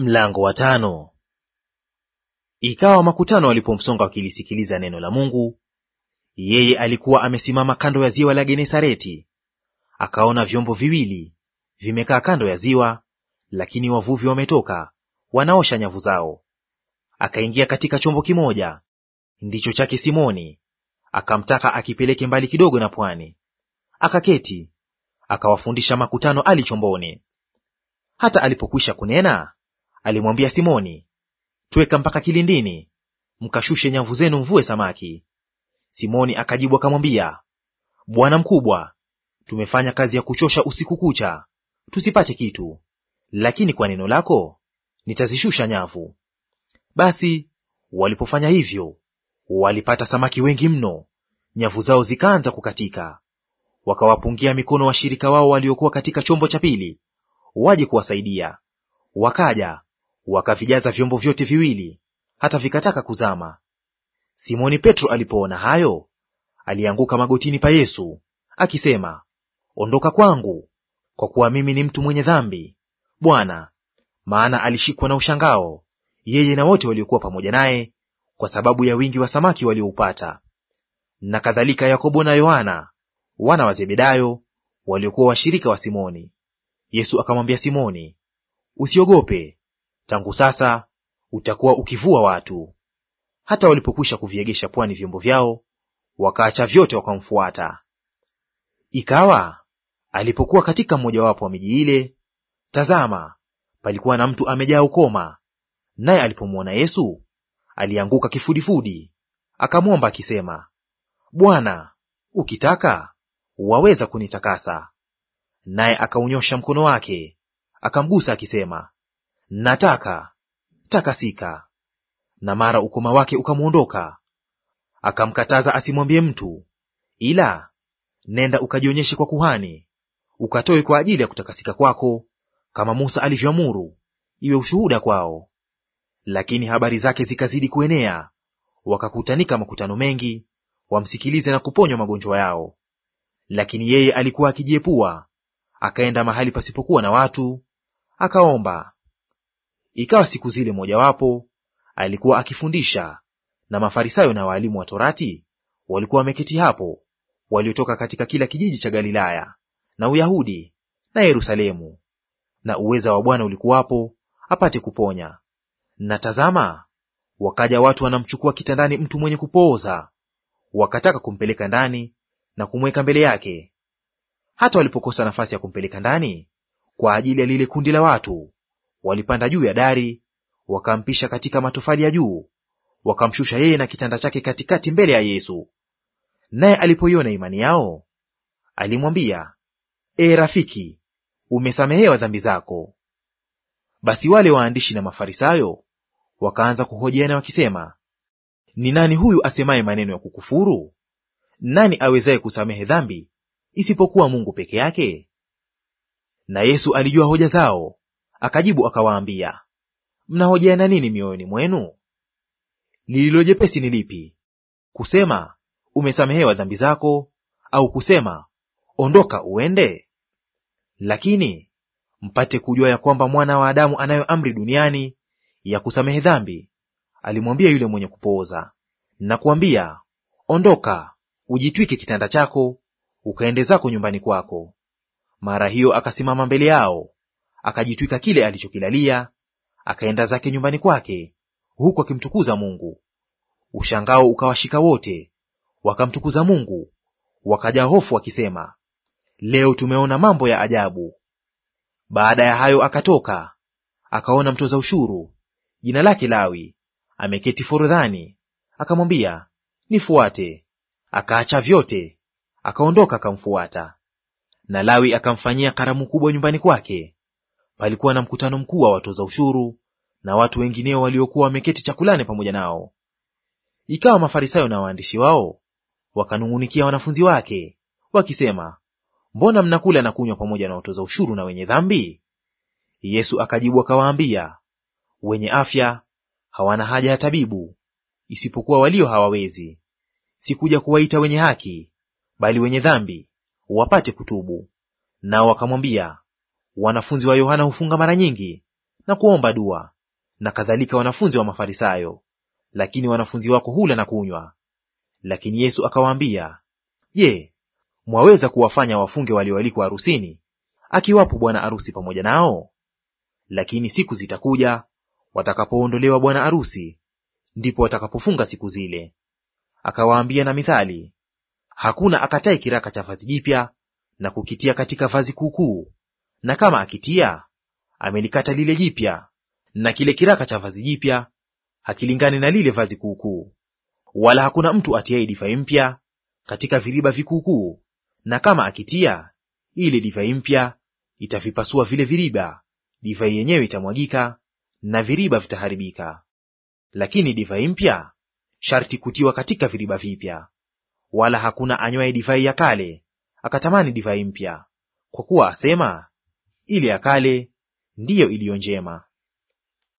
Mlango wa tano. Ikawa makutano walipomsonga wakilisikiliza neno la Mungu, yeye alikuwa amesimama kando ya ziwa la Genesareti, akaona vyombo viwili vimekaa kando ya ziwa, lakini wavuvi wametoka, wanaosha nyavu zao. Akaingia katika chombo kimoja, ndicho chake Simoni, akamtaka akipeleke mbali kidogo na pwani. Akaketi, akawafundisha makutano ali chomboni. Hata alipokwisha kunena alimwambia Simoni, tweka mpaka kilindini, mkashushe nyavu zenu mvue samaki. Simoni akajibu akamwambia, Bwana mkubwa, tumefanya kazi ya kuchosha usiku kucha, tusipate kitu, lakini kwa neno lako nitazishusha nyavu. Basi walipofanya hivyo, walipata samaki wengi mno, nyavu zao zikaanza kukatika. Wakawapungia mikono washirika wao waliokuwa katika chombo cha pili waje kuwasaidia. Wakaja wakavijaza vyombo vyote viwili hata vikataka kuzama. Simoni Petro alipoona hayo, alianguka magotini pa Yesu akisema, ondoka kwangu, kwa kuwa mimi ni mtu mwenye dhambi, Bwana. Maana alishikwa na ushangao, yeye na wote waliokuwa pamoja naye, kwa sababu ya wingi wa samaki walioupata. Na kadhalika Yakobo na Yohana wana wa Zebedayo, waliokuwa washirika wa Simoni. Yesu akamwambia Simoni, usiogope Tangu sasa utakuwa ukivua watu. Hata walipokwisha kuviegesha pwani vyombo vyao, wakaacha vyote wakamfuata. Ikawa alipokuwa katika mmojawapo wa miji ile, tazama, palikuwa na mtu amejaa ukoma, naye alipomwona Yesu alianguka kifudifudi, akamwomba akisema, Bwana, ukitaka waweza kunitakasa. Naye akaunyosha mkono wake akamgusa akisema, nataka takasika. Na mara ukoma wake ukamwondoka, akamkataza asimwambie mtu, ila nenda ukajionyeshe kwa kuhani, ukatoe kwa ajili ya kutakasika kwako, kama Musa alivyoamuru, iwe ushuhuda kwao. Lakini habari zake zikazidi kuenea, wakakutanika makutano mengi, wamsikilize na kuponywa magonjwa yao. Lakini yeye alikuwa akijiepua, akaenda mahali pasipokuwa na watu, akaomba. Ikawa siku zile mojawapo alikuwa akifundisha, na Mafarisayo na waalimu wa torati walikuwa wameketi hapo, waliotoka katika kila kijiji cha Galilaya na Uyahudi na Yerusalemu. Na uweza wa Bwana ulikuwapo apate kuponya. Na tazama, wakaja watu wanamchukua kitandani mtu mwenye kupooza, wakataka kumpeleka ndani na kumweka mbele yake. Hata walipokosa nafasi ya kumpeleka ndani kwa ajili ya lile kundi la watu, Walipanda juu ya dari, wakampisha katika matofali ya juu, wakamshusha yeye na kitanda chake katikati mbele ya Yesu. Naye alipoiona imani yao, alimwambia, E rafiki, umesamehewa dhambi zako. Basi wale waandishi na Mafarisayo wakaanza kuhojiana wakisema, ni nani huyu asemaye maneno ya kukufuru? Nani awezaye kusamehe dhambi isipokuwa Mungu peke yake? Na Yesu alijua hoja zao, Akajibu akawaambia, mnahojeana nini mioyoni mwenu? Lililo jepesi ni lipi? Kusema, umesamehewa dhambi zako, au kusema, ondoka uende? Lakini mpate kujua ya kwamba mwana wa Adamu anayo amri duniani ya kusamehe dhambi, alimwambia yule mwenye kupooza, nakuambia, ondoka, ujitwike kitanda chako, ukaende zako nyumbani kwako. Mara hiyo akasimama mbele yao akajitwika kile alichokilalia, akaenda zake nyumbani kwake, huku akimtukuza Mungu. Ushangao ukawashika wote, wakamtukuza Mungu, wakaja hofu wakisema, leo tumeona mambo ya ajabu. Baada ya hayo akatoka akaona mtoza ushuru jina lake Lawi ameketi forodhani, akamwambia, nifuate. Akaacha vyote akaondoka akamfuata. Na Lawi akamfanyia karamu kubwa nyumbani kwake, palikuwa na mkutano mkuu wa watoza ushuru na watu wengineo waliokuwa wameketi chakulane pamoja nao. Ikawa Mafarisayo na waandishi wao wakanung'unikia wanafunzi wake wakisema, mbona mnakula na kunywa pamoja na watoza ushuru na wenye dhambi? Yesu akajibu akawaambia, wenye afya hawana haja ya tabibu, isipokuwa walio hawawezi. Sikuja kuwaita wenye haki, bali wenye dhambi wapate kutubu. Nao wakamwambia, Wanafunzi wa Yohana hufunga mara nyingi na kuomba dua, na kadhalika wanafunzi wa Mafarisayo, lakini wanafunzi wako hula na kunywa. Lakini Yesu akawaambia, Je, mwaweza kuwafanya wafunge walioalikwa harusini, akiwapo bwana arusi pamoja nao? Lakini siku zitakuja watakapoondolewa bwana arusi, ndipo watakapofunga siku zile. Akawaambia na mithali, hakuna akataye kiraka cha vazi jipya na kukitia katika vazi kuukuu na kama akitia, amelikata lile jipya, na kile kiraka cha vazi jipya hakilingani na lile vazi kuukuu. Wala hakuna mtu atiaye divai mpya katika viriba vikuukuu, na kama akitia ile divai mpya itavipasua vile viriba, divai yenyewe itamwagika na viriba vitaharibika. Lakini divai mpya sharti kutiwa katika viriba vipya. Wala hakuna anywaye divai ya kale akatamani divai mpya, kwa kuwa asema, ile ya kale ndiyo iliyo njema.